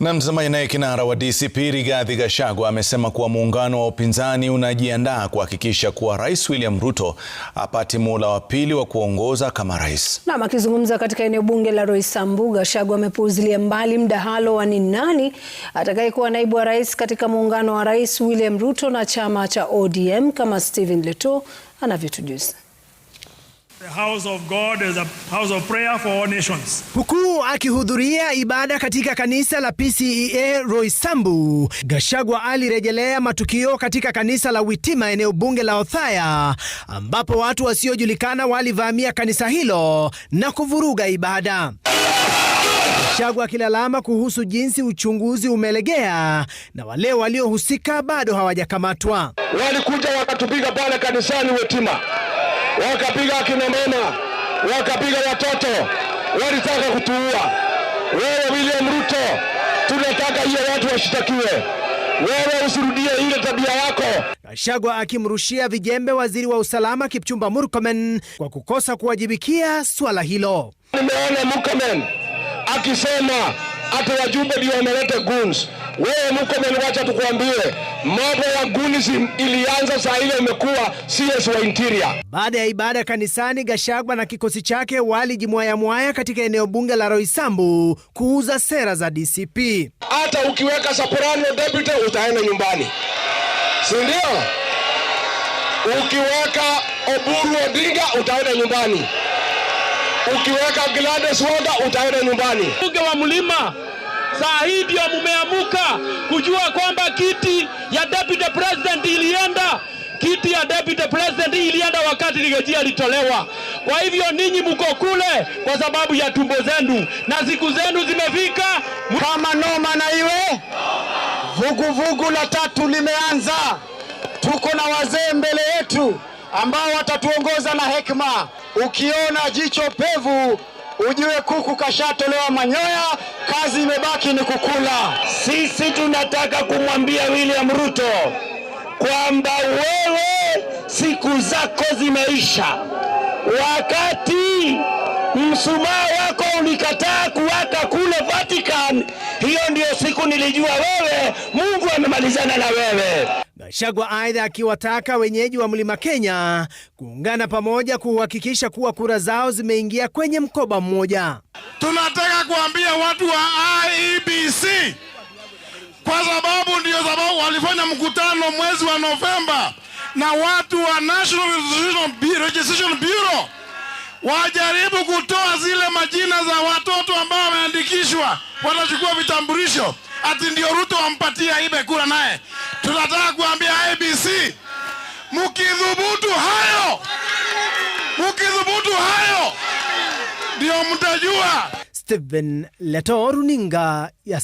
Na mtazamaji, naye kinara wa DCP Rigathi Gachagua amesema kuwa muungano wa upinzani unajiandaa kuhakikisha kuwa Rais William Ruto apati muhula wa pili wa kuongoza kama rais. Nam akizungumza katika eneo bunge la Roysambu, Gachagua amepuuzilia mbali mdahalo wa ni nani atakayekuwa naibu wa rais katika muungano wa Rais William Ruto na chama cha ODM kama Stephen Leto anavyotujuza. Huku akihudhuria ibada katika kanisa la PCEA Roysambu, Gachagua alirejelea matukio katika kanisa la Witima eneo bunge la Othaya ambapo watu wasiojulikana walivamia kanisa hilo na kuvuruga ibada. Gachagua akilalama kuhusu jinsi uchunguzi umelegea na wale waliohusika bado hawajakamatwa. Walikuja wakatupiga pale kanisani Witima wakapiga akina mama, wakapiga watoto, walitaka kutuua. Wewe William Ruto, tunataka hiyo watu washitakiwe, wewe usirudie ile tabia yako. Gachagua akimrushia vijembe waziri wa usalama Kipchumba Murkomen kwa kukosa kuwajibikia swala hilo. Nimeona Murkomen akisema ati wajumbe ndio wameleta guns. Wewe mko menwacha, tukuambie mambo ya gunizi ilianza saa ile imekuwa CS wa interior. Baada ya ibada kanisani, Gashagwa na kikosi chake mwaya katika eneo bunge la Roysambu kuuza sera za DCP. Hata ukiweka Soprano deputy utaenda nyumbani, si ndio? Ukiweka Oburu Odinga utaenda nyumbani, ukiweka Gladys Wanga utaenda nyumbani. Bunge wa mlima Saa hii ndio mumeamuka kujua kwamba kiti ya deputy president ilienda, kiti ya deputy president ilienda wakati ligeji alitolewa. Kwa hivyo ninyi mko kule kwa sababu ya tumbo zenu na siku zenu zimefika. Kama noma na iwe vuguvugu vugu la tatu limeanza. Tuko na wazee mbele yetu ambao watatuongoza na hekima. Ukiona jicho pevu ujue kuku kashatolewa manyoya, kazi imebaki ni kukula. Sisi tunataka kumwambia William Ruto kwamba wewe siku zako zimeisha. Wakati msumaa wako ulikataa kuwaka kule Vatican, hiyo ndiyo siku nilijua wewe Mungu amemalizana na wewe. Gachagua aidha akiwataka wenyeji wa Mlima Kenya kuungana pamoja kuhakikisha kuwa kura zao zimeingia kwenye mkoba mmoja. Tunataka kuambia watu wa IEBC kwa sababu ndio sababu walifanya mkutano mwezi wa Novemba na watu wa National Registration Bureau wajaribu kutoa zile majina za watoto ambao wameandikishwa, watachukua vitambulisho ati ndio Ruto wampatia ibe kura naye. Tunataka kuambia ABC, mkidhubutu hayo, mkidhubutu hayo ndio mtajua. Stephen Leto, runinga ya